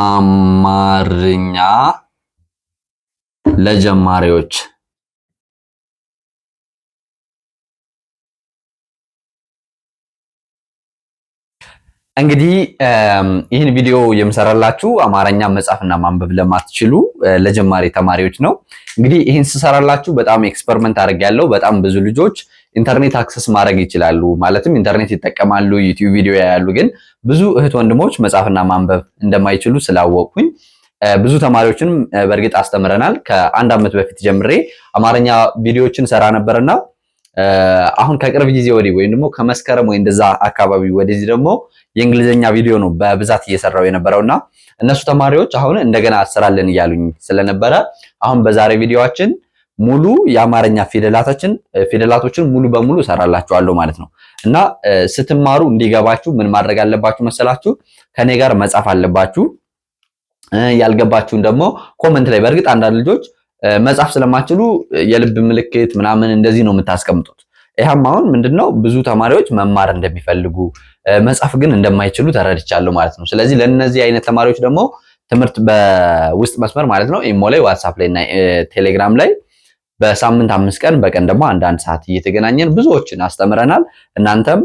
አማርኛ ለጀማሪዎች እንግዲህ ይህን ቪዲዮ የምሰራላችሁ አማርኛ መጻፍና ማንበብ ለማትችሉ ለጀማሪ ተማሪዎች ነው። እንግዲህ ይህን ስሰራላችሁ በጣም ኤክስፐሪመንት አድርጌያለሁ። በጣም ብዙ ልጆች ኢንተርኔት አክሰስ ማድረግ ይችላሉ። ማለትም ኢንተርኔት ይጠቀማሉ፣ ዩቲዩብ ቪዲዮ ያያሉ። ግን ብዙ እህት ወንድሞች መጻፍና ማንበብ እንደማይችሉ ስላወቅኩኝ ብዙ ተማሪዎችንም በእርግጥ አስተምረናል። ከአንድ ዓመት በፊት ጀምሬ አማርኛ ቪዲዮዎችን ሰራ ነበርና አሁን ከቅርብ ጊዜ ወዲህ ወይም ደግሞ ከመስከረም ወይ እንደዛ አካባቢ ወደዚህ ደግሞ የእንግሊዝኛ ቪዲዮ ነው በብዛት እየሰራው የነበረውና እነሱ ተማሪዎች አሁን እንደገና አሰራለን እያሉኝ ስለነበረ አሁን በዛሬ ቪዲዮችን ሙሉ የአማርኛ ፊደላታችን ፊደላቶችን ሙሉ በሙሉ እሰራላችኋለሁ ማለት ነው። እና ስትማሩ እንዲገባችሁ ምን ማድረግ አለባችሁ መሰላችሁ? ከኔ ጋር መጻፍ አለባችሁ። ያልገባችሁን ደግሞ ኮመንት ላይ በእርግጥ አንዳንድ ልጆች መጻፍ ስለማችሉ የልብ ምልክት ምናምን እንደዚህ ነው የምታስቀምጡት። ይህም አሁን ምንድነው ብዙ ተማሪዎች መማር እንደሚፈልጉ መጻፍ ግን እንደማይችሉ ተረድቻለሁ ማለት ነው። ስለዚህ ለእነዚህ አይነት ተማሪዎች ደግሞ ትምህርት በውስጥ መስመር ማለት ነው ኢሞ ላይ፣ ዋትሳፕ ላይ እና ቴሌግራም ላይ በሳምንት አምስት ቀን በቀን ደግሞ አንዳንድ ሰዓት እየተገናኘን ብዙዎችን አስተምረናል። እናንተም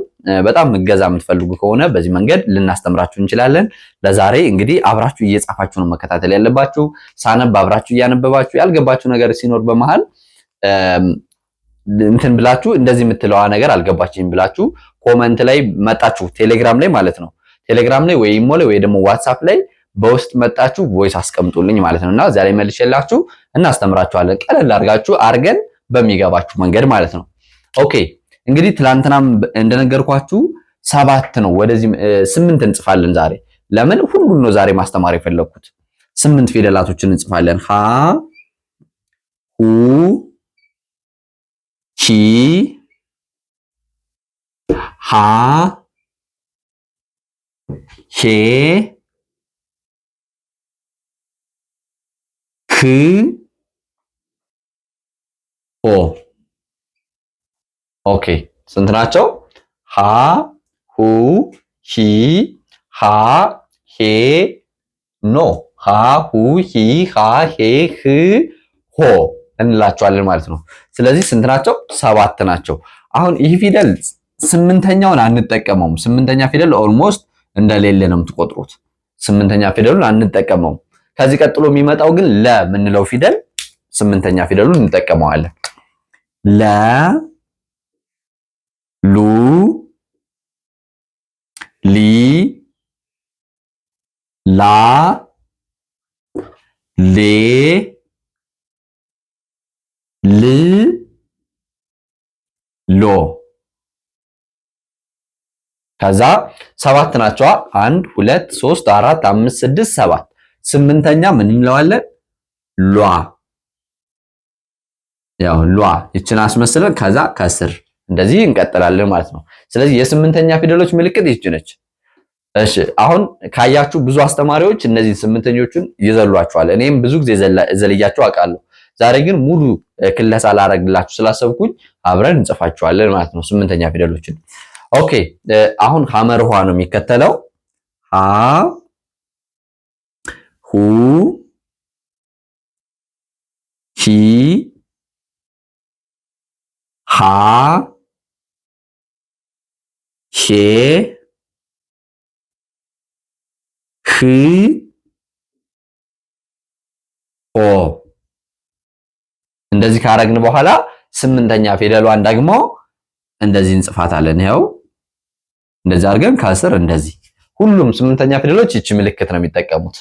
በጣም እገዛ የምትፈልጉ ከሆነ በዚህ መንገድ ልናስተምራችሁ እንችላለን። ለዛሬ እንግዲህ አብራችሁ እየጻፋችሁ ነው መከታተል ያለባችሁ። ሳነብ አብራችሁ እያነበባችሁ ያልገባችሁ ነገር ሲኖር በመሃል እንትን ብላችሁ እንደዚህ የምትለዋ ነገር አልገባችኝም ብላችሁ ኮመንት ላይ መጣችሁ ቴሌግራም ላይ ማለት ነው ቴሌግራም ላይ ወይ ኢሞ ላይ ወይ ደግሞ ዋትሳፕ ላይ በውስጥ መጣችሁ ቮይስ አስቀምጡልኝ ማለት ነው እና እዚያ ላይ መልሼላችሁ እናስተምራችኋለን። ቀለል አድርጋችሁ አድርገን በሚገባችሁ መንገድ ማለት ነው። ኦኬ እንግዲህ ትላንትናም እንደነገርኳችሁ ሰባት ነው ወደዚህ ስምንት እንጽፋለን ዛሬ። ለምን ሁሉን ነው ዛሬ ማስተማር የፈለግኩት። ስምንት ፊደላቶችን እንጽፋለን። ሀ ሁ ሂ ሃ ሄ ክ ኦ ኦኬ። ስንት ናቸው? ሀ ሁ ሂ ሃ ሄ ኖ ሃ ሁ ሂ ሃ ሄ ህ ሆ እንላቸዋለን ማለት ነው። ስለዚህ ስንት ናቸው? ሰባት ናቸው። አሁን ይህ ፊደል ስምንተኛውን አንጠቀመውም። ስምንተኛ ፊደል ኦልሞስት እንደሌለ ነው የምትቆጥሩት። ስምንተኛ ፊደሉን አንጠቀመውም። ከዚህ ቀጥሎ የሚመጣው ግን ለ የምንለው ፊደል ስምንተኛ ፊደሉን እንጠቀመዋለን። ለ ሉ ሊ ላ ሌ ል ሎ ከዛ ሰባት ናቸዋ። አንድ ሁለት ሶስት አራት አምስት ስድስት ሰባት ስምንተኛ ምን እንለዋለን? ሏ ያው ሏ ይችን አስመስለን ከዛ ከስር እንደዚህ እንቀጥላለን ማለት ነው። ስለዚህ የስምንተኛ ፊደሎች ምልክት ይች ነች። እሺ አሁን ካያችሁ ብዙ አስተማሪዎች እነዚህ ስምንተኞቹን ይዘሏቸዋል። እኔም ብዙ ጊዜ ዘልያቸው አውቃለሁ። ዛሬ ግን ሙሉ ክለሳ ላረግላችሁ ስላሰብኩኝ አብረን እንጽፋቸዋለን ማለት ነው ስምንተኛ ፊደሎችን። ኦኬ አሁን ሀመርኋ ነው የሚከተለው ሁ ሂ ሃ ሄ ህ ሆ እንደዚህ ካረግን በኋላ ስምንተኛ ፊደሏን ደግሞ እንደዚህ እንጽፋታለን። ይኸው እንደዚህ አድርገን ከስር እንደዚህ ሁሉም ስምንተኛ ፊደሎች ይቺ ምልክት ነው የሚጠቀሙት።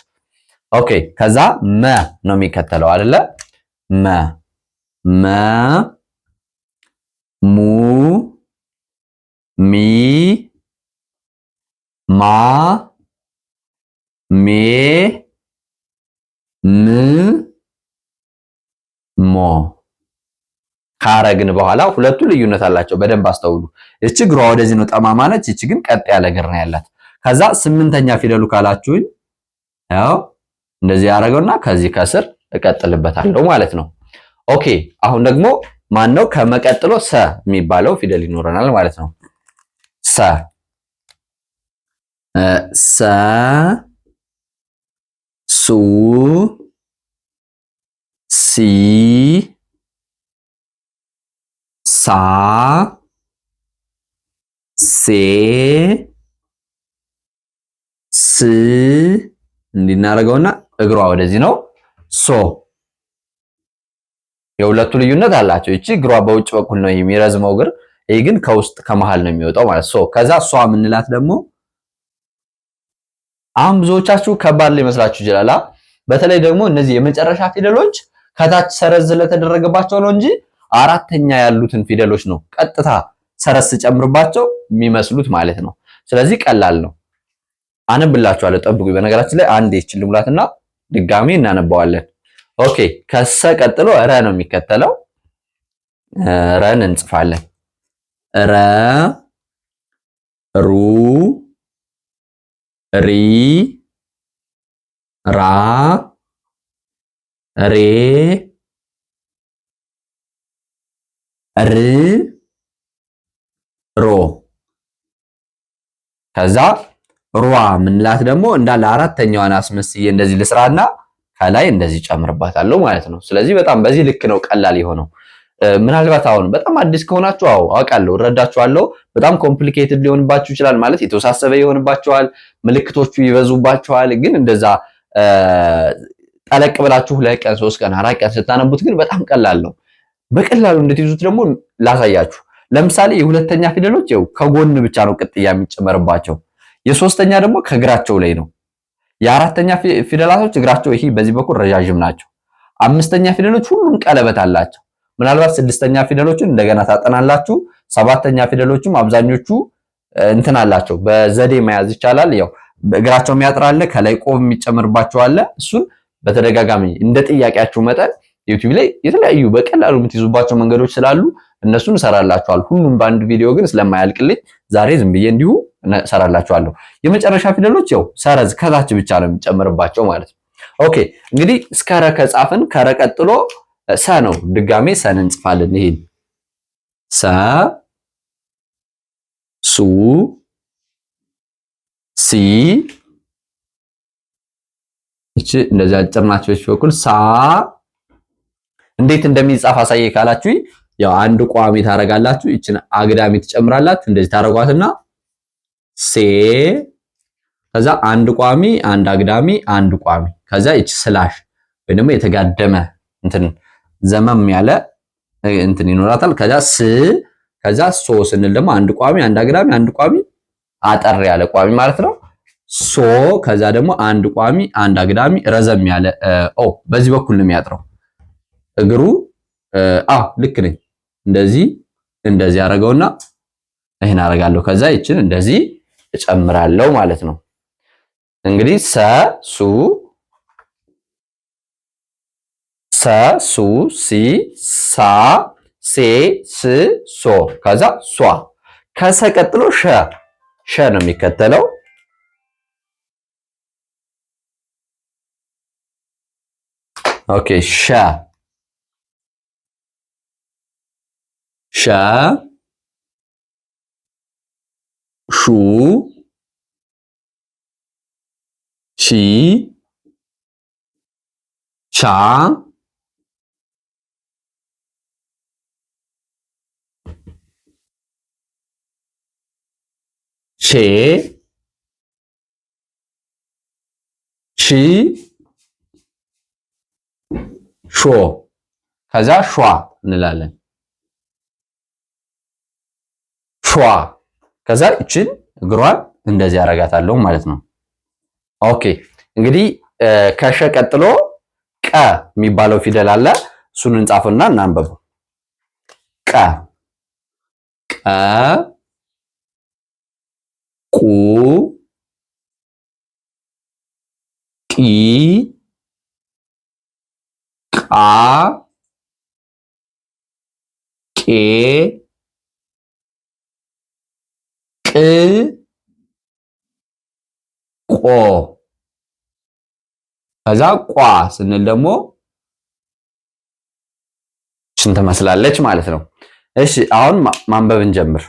ኦኬ ከዛ መ ነው የሚከተለው አይደለ? መ መ ሙ ሚ ማ ሜ ም ሞ ካረግን በኋላ ሁለቱ ልዩነት አላቸው። በደንብ አስተውሉ። እቺ ግሯ ወደዚህ ነው ጠማማ ነች። እቺ ግን ቀጥ ያለ እግር ነው ያላት። ከዛ ስምንተኛ ፊደሉ ካላችሁኝ ያው እንደዚህ ያደረገውና ከዚህ ከስር እቀጥልበታለሁ ማለት ነው። ኦኬ አሁን ደግሞ ማን ነው ከመቀጥሎ ሰ የሚባለው ፊደል ይኖረናል ማለት ነው። ሰ ሰ ሱ ሲ ሳ ሴ ስ እንዲናረገውና እግሯ ወደዚህ ነው። ሶ የሁለቱ ልዩነት አላቸው። እቺ እግሯ በውጭ በኩል ነው የሚረዝመው እግር፣ ይህ ግን ከውስጥ ከመሃል ነው የሚወጣው ማለት ሶ። ከዛ እሷ የምንላት ደግሞ አሁን ብዙዎቻችሁ ከባድ ሊመስላችሁ ይችላል። በተለይ ደግሞ እነዚህ የመጨረሻ ፊደሎች ከታች ሰረዝ ስለተደረገባቸው ነው እንጂ አራተኛ ያሉትን ፊደሎች ነው ቀጥታ ሰረዝ ስጨምርባቸው የሚመስሉት ማለት ነው። ስለዚህ ቀላል ነው። አነብላችኋለሁ፣ ጠብቁኝ። በነገራችን ላይ አንዴ ይችል ልሙላትና ድጋሚ እናነባዋለን። ኦኬ ከሰ ቀጥሎ ረ ነው የሚከተለው። ረን እንጽፋለን። ረ ሩ ሪ ራ ሬ ር ሮ ከዛ ሯ ምንላት ደግሞ እንዳለ አራተኛዋን አስመስዬ እንደዚህ ልስራና ከላይ እንደዚህ ጨምርባታለሁ ማለት ነው። ስለዚህ በጣም በዚህ ልክ ነው ቀላል የሆነው። ምናልባት አሁን በጣም አዲስ ከሆናችሁ አዎ አውቃለሁ፣ እረዳችኋለሁ። በጣም ኮምፕሊኬትድ ሊሆንባችሁ ይችላል፣ ማለት የተወሳሰበ ይሆንባችኋል፣ ምልክቶቹ ይበዙባችኋል። ግን እንደዛ ጠለቅ ብላችሁ ሁለት ቀን ሶስት ቀን አራት ቀን ስታነቡት ግን በጣም ቀላል ነው። በቀላሉ እንድትይዙት ደግሞ ላሳያችሁ። ለምሳሌ የሁለተኛ ፊደሎች ከጎን ብቻ ነው ቅጥያ የሚጨመርባቸው የሶስተኛ ደግሞ ከእግራቸው ላይ ነው። የአራተኛ ፊደላቶች እግራቸው ይሄ በዚህ በኩል ረዣዥም ናቸው። አምስተኛ ፊደሎች ሁሉም ቀለበት አላቸው። ምናልባት ስድስተኛ ፊደሎችን እንደገና ታጠናላችሁ። ሰባተኛ ፊደሎችም አብዛኞቹ እንትን አላቸው። በዘዴ መያዝ ይቻላል። ያው እግራቸው የሚያጥር አለ፣ ከላይ ቆብ የሚጨምርባቸው አለ። እሱን በተደጋጋሚ እንደ ጥያቄያችሁ መጠን ዩቲዩብ ላይ የተለያዩ በቀላሉ የምትይዙባቸው መንገዶች ስላሉ እነሱን እሰራላችኋል። ሁሉም በአንድ ቪዲዮ ግን ስለማያልቅልኝ ዛሬ ዝም ብዬ እንዲሁ ሰራላችኋለሁ። የመጨረሻ ፊደሎች ያው ሰረዝ ከታች ብቻ ነው የሚጨምርባቸው ማለት ነው። ኦኬ እንግዲህ እስከ ረ ከጻፍን ከረ ቀጥሎ ሰ ነው። ድጋሜ ሰን እንጽፋለን። ይሄን ሰ ሱ ሲ እቺ እንደዚህ አጭር ናቸው በኩል ሳ እንዴት እንደሚጻፍ አሳየ ካላችሁ ያው አንድ ቋሚ ታረጋላችሁ። ይችን አግዳሚ ትጨምራላችሁ። እንደዚህ ታረጓትና ሴ ከዛ አንድ ቋሚ አንድ አግዳሚ አንድ ቋሚ ከዛ ይች ስላሽ ወይ ደግሞ የተጋደመ እንትን ዘመም ያለ እንትን ይኖራታል። ከዛ ስ ከዛ ሶ ስንል ደግሞ አንድ ቋሚ አንድ አግዳሚ አንድ ቋሚ አጠር ያለ ቋሚ ማለት ነው። ሶ ከዛ ደግሞ አንድ ቋሚ አንድ አግዳሚ ረዘም ያለ ኦ በዚህ በኩል ነው የሚያጥረው እግሩ። አዎ ልክ ነኝ። እንደዚህ እንደዚህ አረገውና ይሄን አረጋለሁ። ከዛ ይችን እንደዚህ እጨምራለሁ ማለት ነው። እንግዲህ ሰ ሱ ሰ ሱ ሲ ሳ ሴ ስ ሶ ከዛ ሷ ከሰ ቀጥሎ ሸ ሸ ነው የሚከተለው። ኦኬ ሸ ሻ ሹ ሺ ሻ ሼ ሺ ሾ ከዛ ሿ እንላለን ሿ ከዛ እችን እግሯን እንደዚህ አረጋታለሁ ማለት ነው። ኦኬ እንግዲህ ከሸ ቀጥሎ ቀ የሚባለው ፊደል አለ። እሱን እንጻፍና እናንበብ። ቀ ቀ ቁ ቂ ቃ ቄ ቆ ከዛ ቋ ስንል ደግሞ ሽን ትመስላለች ማለት ነው። እሺ አሁን ማንበብ እንጀምር።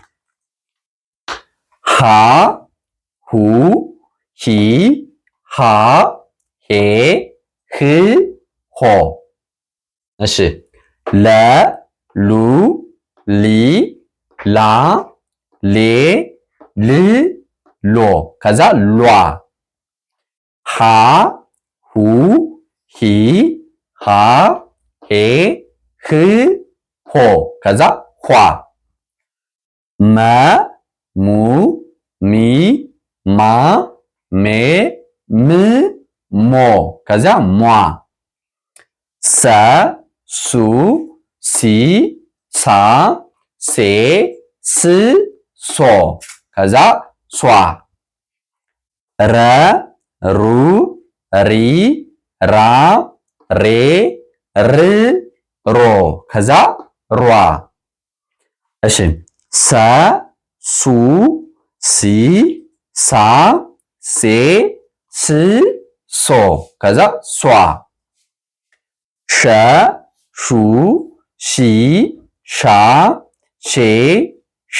ሀ ሁ ሂ ሃ ሄ ህ ሆ። እሺ ለ ሉ ሊ ላ ሌ ል ሎ ከዛ ሏ ሃ ሁ ሂ ሃ ሄ ህ ሆ ከዛ ኋ መ ሙ ሚ ማ ሜ ም ሞ ከዚያ ሟ ሰ ሱ ሲ ሳ ሴ ስ ሶ ከዛ ሷ ረ ሩ ሪ ራ ሬ ር ሮ ከዛ ሯ። እሺ ሰ ሱ ሲ ሳ ሴ ስ ሶ ከዛ ሷ ሸ ሹ ሺ ሻ ሼ ሽ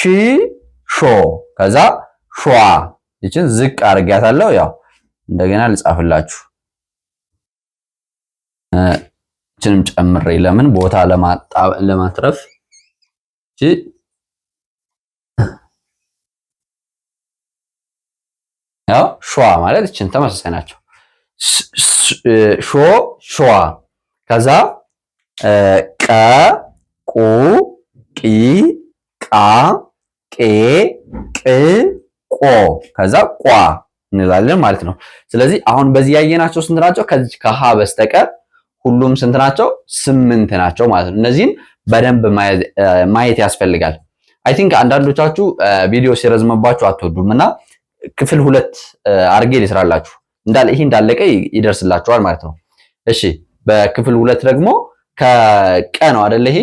ሾ ከዛ ሹዋ ይችን ዝቅ አድርጊያታለሁ። ያው እንደገና ልጻፍላችሁ ይችንም ጨምሬ ለምን ቦታ ለማትረፍ ያው ሹዋ ማለት ይችን ተመሳሳይ ናቸው። ሾ ሹዋ ከዛ ቀ ቁ ቂ ቃ ቄ ቆ ከዛ ቋ እንላለን ማለት ነው። ስለዚህ አሁን በዚህ ያየናቸው ስንት ናቸው? ከዚህ ከሀ በስተቀር ሁሉም ስንት ናቸው? ስምንት ናቸው ማለት ነው። እነዚህን በደንብ ማየት ያስፈልጋል። አይ ቲንክ አንዳንዶቻችሁ ቪዲዮ ሲረዝምባችሁ አትወዱም እና ክፍል ሁለት አርጌ ሊስራላችሁ እንዳለ ይሄ እንዳለቀ ይደርስላችኋል ማለት ነው። እሺ በክፍል ሁለት ደግሞ ከቀ ነው አይደለ? ይሄ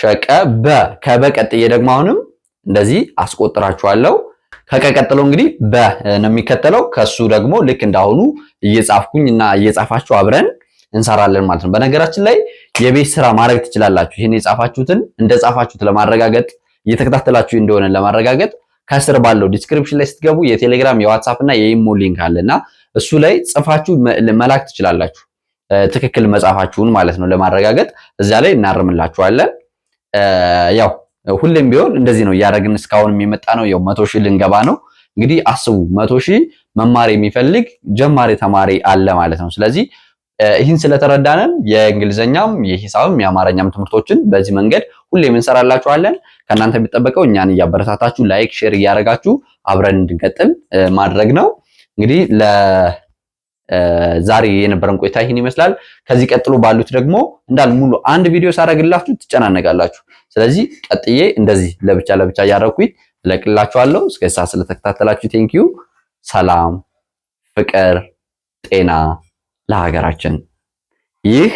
ሸቀ በ ከበ ቀጥዬ ደግሞ አሁንም እንደዚህ አስቆጥራችኋለሁ። ከቀቀጥሎ እንግዲህ በ ነው የሚከተለው። ከሱ ደግሞ ልክ እንዳሁኑ እየጻፍኩኝ እና እየጻፋችሁ አብረን እንሰራለን ማለት ነው። በነገራችን ላይ የቤት ስራ ማድረግ ትችላላችሁ። ይህን የጻፋችሁትን እንደ ጻፋችሁት ለማረጋገጥ እየተከታተላችሁ እንደሆነ ለማረጋገጥ ከስር ባለው ዲስክሪፕሽን ላይ ስትገቡ የቴሌግራም የዋትሳፕ እና የኢሞ ሊንክ አለ እና እሱ ላይ ጽፋችሁ መላክ ትችላላችሁ። ትክክል መጻፋችሁን ማለት ነው ለማረጋገጥ እዚያ ላይ እናርምላችኋለን ያው ሁሌም ቢሆን እንደዚህ ነው እያደረግን እስካሁን የሚመጣ ነው። ያው መቶ ሺህ ልንገባ ነው እንግዲህ አስቡ፣ መቶ ሺህ መማር የሚፈልግ ጀማሪ ተማሪ አለ ማለት ነው። ስለዚህ ይህን ስለተረዳንን የእንግሊዝኛም የሂሳብም የአማርኛም ትምህርቶችን በዚህ መንገድ ሁሌም እንሰራላችኋለን። ከእናንተ የሚጠበቀው እኛን እያበረታታችሁ ላይክ፣ ሼር እያደረጋችሁ አብረን እንድንቀጥል ማድረግ ነው እንግዲህ ዛሬ የነበረን ቆይታ ይህን ይመስላል። ከዚህ ቀጥሎ ባሉት ደግሞ እንዳል ሙሉ አንድ ቪዲዮ ሳረግላችሁ ትጨናነቃላችሁ። ስለዚህ ቀጥዬ እንደዚህ ለብቻ ለብቻ እያረኩኝ እለቅላችኋለሁ። እስከ ሳ ስለተከታተላችሁ ቴንኪዩ። ሰላም፣ ፍቅር፣ ጤና ለሀገራችን። ይህ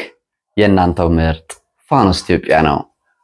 የእናንተው ምርጥ ፋኖስ ኢትዮጵያ ነው።